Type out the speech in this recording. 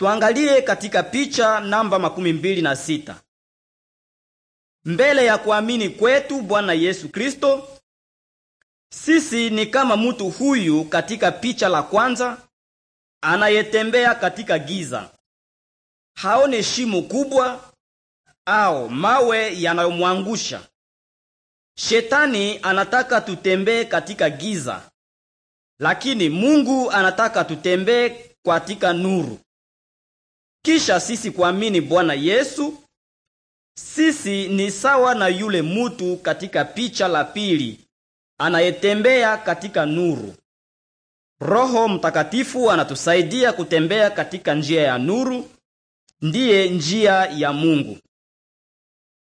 Tuangalie katika picha namba makumi mbili na sita. Mbele ya kuamini kwetu Bwana Yesu Kristo, sisi ni kama mtu huyu katika picha la kwanza anayetembea katika giza. Haone shimo kubwa au mawe yanayomwangusha. Shetani anataka tutembee katika giza, lakini Mungu anataka tutembee katika nuru. Kisha sisi kuamini Bwana Yesu, sisi ni sawa na yule mutu katika picha la pili anayetembea katika nuru. Roho Mtakatifu anatusaidia kutembea katika njia ya nuru, ndiye njia ya Mungu.